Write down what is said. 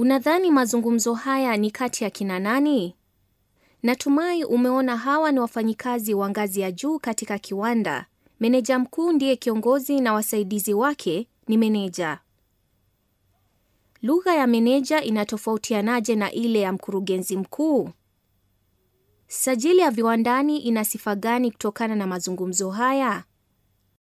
Unadhani mazungumzo haya ni kati ya kina nani? Natumai umeona hawa ni wafanyikazi wa ngazi ya juu katika kiwanda. Meneja mkuu ndiye kiongozi na wasaidizi wake ni meneja. Lugha ya meneja inatofautianaje na ile ya mkurugenzi mkuu? Sajili ya viwandani ina sifa gani kutokana na mazungumzo haya?